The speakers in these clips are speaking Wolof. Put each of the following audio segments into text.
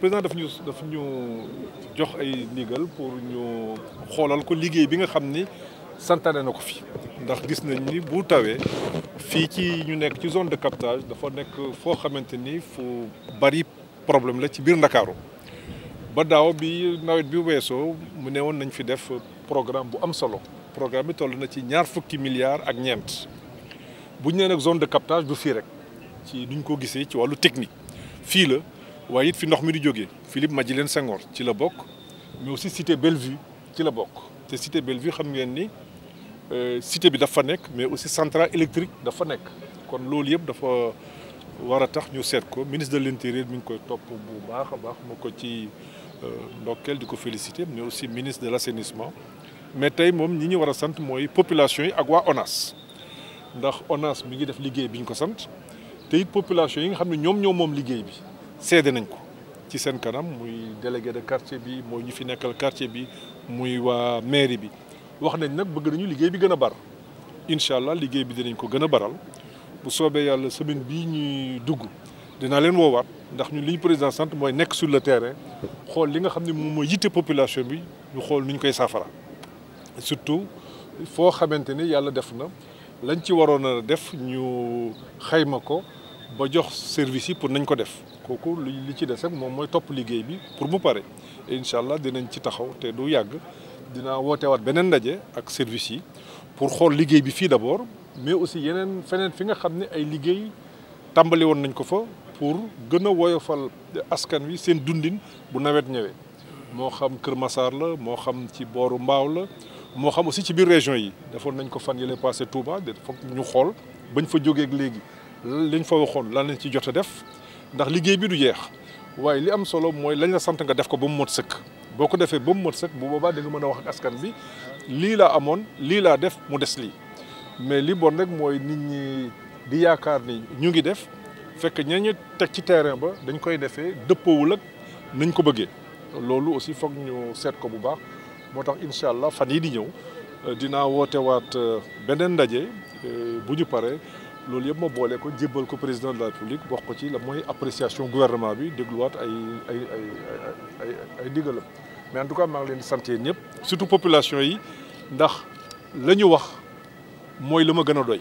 président daf ñu daf ñu jox ay ndigal pour ñu xoolal ko liggéey bi nga xam ni santaane na ko fi ndax gis nañ ni bu tawee fii ci ñu nekk ci zone de captage dafa nekk foo xamante ni fu bari problème la ci biir Ndakaaru ba daaw bi nawet bi weesoo mu ne woon nañ fi def programme bu am solo programme bi toll na ci ñaar fukki milliards ak ñeent bu ñu nee nag zone de captage bu fii rek ci du ñu ko gisee ci wàllu technique fii la waaye it fi ndox mi di jógee Philippe leen sengoor ci la bokk mais aussi cité Bellevue ci la bokk te cité Bellevue xam ngeen ni euh, cité bi dafa nekk mais aussi centrale électrique dafa nekk kon loolu yëpp dafa war a tax ñu seet ko ministre de l'intérieur mi ngi koy topp bu baax a baax ma ko ci euh, ndokkeel di ko féliciter mais aussi ministre de l'assainissement mais tey moom ñi ñu war a sant mooy population yi ak waa ONAS ndax ONAS mi ngi def liggéey bi ñu ko sant te it population yi nga xam ne ñoom ñoo moom liggéey bi seede nañ ko ci seen kanam muy délégué de quartier bi mooy ñu fi nekkal quartier bi muy waa mairie bi wax nañ nag bëgg nañu liggéey bi gën a bar incha allah liggéey bi dinañ ko gën a baral bu soobee yàlla semaine bi ñuy dugg dinaa leen woowaat ndax ñu li ñu président sant mooy nekk sur le terrain xool li nga xam ne moom mooy yitte population bi ñu xool nu ñu koy saafara surtout foo xamante ni yàlla def na lañ ci waroon a def ñu xayma ko ba jox service yi pour nañ ko def kooku li ci des rek moom mooy topp liggéey bi pour mu pare incha allah dinañ ci taxaw te du yàgg dinaa waat beneen ndaje ak service yi pour xool liggéey bi fii d'abord mais aussi yeneen feneen fi nga xam ne ay liggéey tàmbali woon nañ ko fa pour gën a woyofal askan wi seen dundin bu nawet ñëwee moo xam Kër Massar la moo xam ci booru Mbaaw la moo xam aussi ci biir région yi defoon nañ ko fan yële passé Touba de foog ñu xool bañ fa jógee ak léegi liñ fa waxoon lan lañ ci jot a def ndax liggéey bi du jeex waaye li am solo mooy lañ la sant nga def ko ba mu mot sëkk. boo ko defee ba mu mot sëkk bu boobaa danga mën a wax ak askan bi lii laa amoon lii laa def mu des lii mais li bon rek mooy nit ñi di yaakaar ni ñu ngi def fekk ñañu teg ci terrain ba dañ koy defee dëppoowul ak nañ ko bëggee loolu aussi foog ñu seet ko bu baax. moo tax incha allah fan yii di ñëw euh, dinaa woote waat euh, beneen ndaje euh, bu ñu paree loolu yëpp ma boole ko jébbal ko président de la république wax ko ci la mooy appréciation gouvernement bi dégluwaat ay ay ay ay ay ndigalam mais en tout cas maa leen di sant ñëpp surtout population yi ndax la ñu wax mooy lu ma gën a doy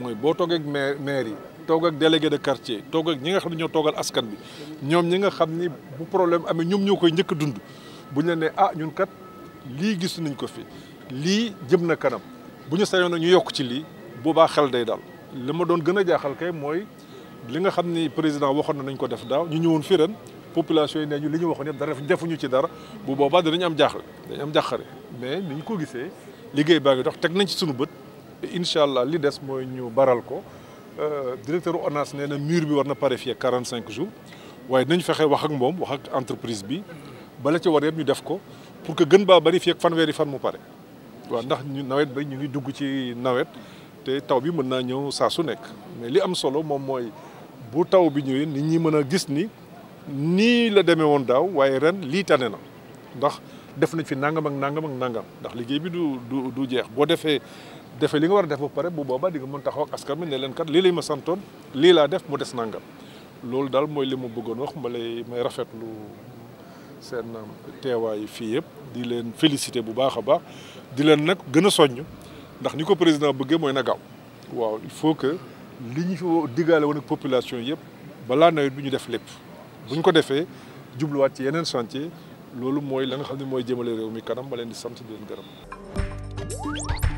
mooy boo toogee ak maire maire yi toog ak délégué de quartier toog ñi nga xam ne ñoo toogal askan bi ñoom ñi nga xam ni bu problème amee ñoom ñoo koy njëkk a dund bu ñu nee ah ñun kat lii gis nañ ko fi lii jëm na kanam bu ñu sañoon ñu yokk ci lii boobaa xel day dal li ma doon gën a jaaxal kay mooy li nga xam ni président waxoon na nañ ko def daaw ñu ñëwoon fii ren population yi nee ñu li ñu waxoon yëpp dara defuñu ci dara bu boobaa danañ am jaaxle dañ am jaaxare mais ni ñu ko gisee liggéey baa ngi dox teg nañ ci suñu bët incha allah li des mooy ñu baral ko euh, directeur ONAS nee na mur bi war na pare fii ak 45 waaye nañ fexe wax ak moom wax ak entreprise bi. ba la ca war yëpp ñu def ko pour que gën baa bari fii ak fanweeri fan mu pare waaw ndax ñu nawet ba ñu ngi dugg ci nawet te taw bi mën naa ñëw saa su nekk mais li am solo moom mooy bu taw bi ñëwee nit ñi mën a gis nii nii la demee woon daaw waaye ren lii tane na ndax def nañ fi nangam ak nangam nangam ndax liggéey bi du du du jeex boo defee defee li nga war a def ba pare bu boobaa di nga mën taxaw ak askan bi ne leen kat lii lañ ma santoon lii laa def mu des nangam loolu daal mooy li ma bëggoon ma lay may rafetlu. seen um, teewaay fii yëpp di leen félicité bu baax a baax di leen nag gën a soññ ndax ni ko président bëggee mooy na gaaw waaw il faut que li ñu fi diggaale woon ak population yëpp balaa nawet bi ñu def lépp bu ñu ko defee jubluwaat ci yeneen chantier loolu mooy la nga xam ne mooy jëmale réew mi kanam ma leen di sant di leen gërëm